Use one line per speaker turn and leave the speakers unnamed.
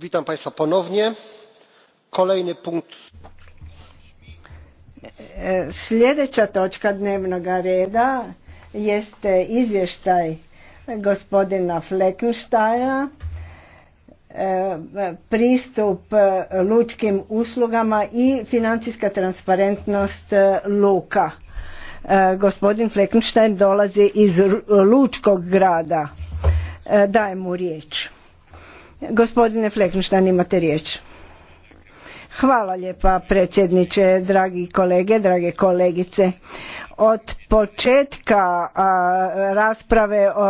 witam państwa ponownie. kolejny punkt
e, sljedeća točka dnevnog reda jest e, izvještaj gospodina Fleckensteina e, pristup lučkim uslugama i financijska transparentnost luka. Gospodin Fleckenstein dolazi iz lučkog grada. Dajem mu riječ. Gospodine Fleckenstein, imate riječ. Hvala lijepa predsjedniče, dragi kolege, drage kolegice. Od početka
rasprave o